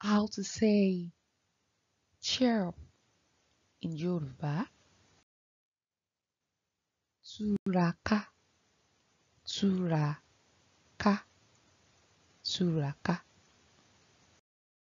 how to say "cherub" in Yoruba. Túraká, túraká, túraká.